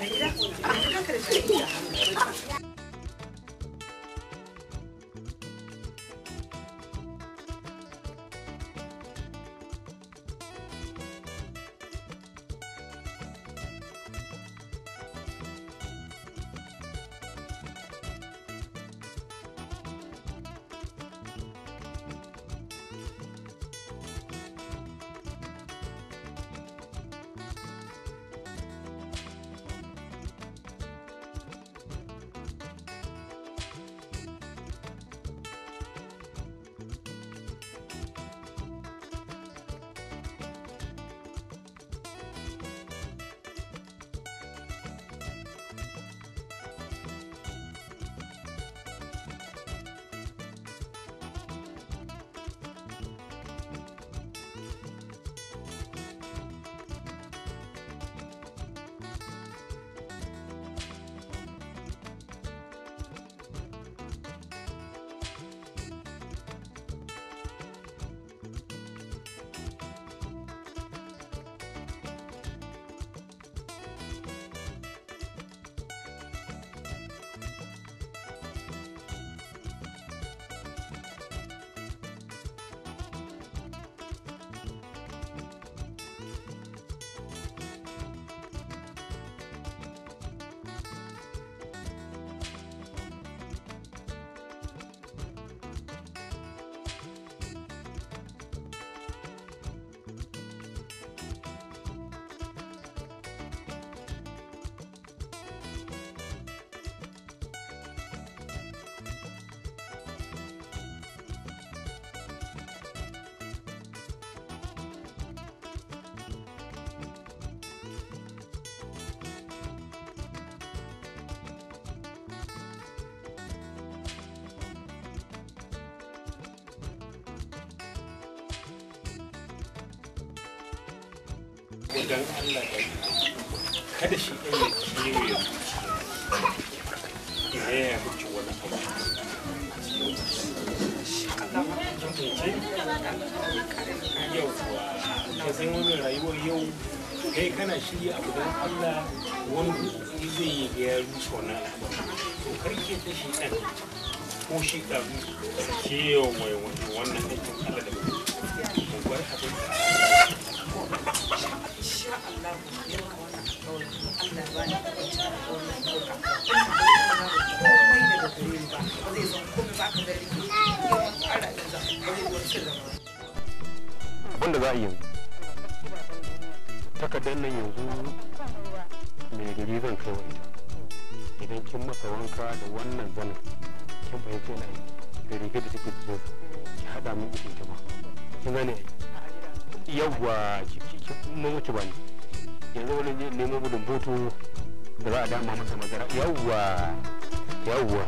mira! kuma don Allah da kada shi ɗan ya ciwo ya ya ya miki wani abu yauwa ka san wani rayuwar yau kai kana shirya abu don Allah wani hukumi zai yi ga ya rushe to karke ta shi ɗan ko shi ɗan ke yawan wannan aikin Allah da mu bar zai zama ka abinda za a yi yanzu takardar nan yanzu mai gari zan kai wa idan kin masa wanka da wannan zanen kin fahimci na da rigar da take cikin ki haɗa min ita ita ba kin gane yawwa mamaci ba ne yanzu wani nemo gudun boto da za a dama masa magana yawwa yawwa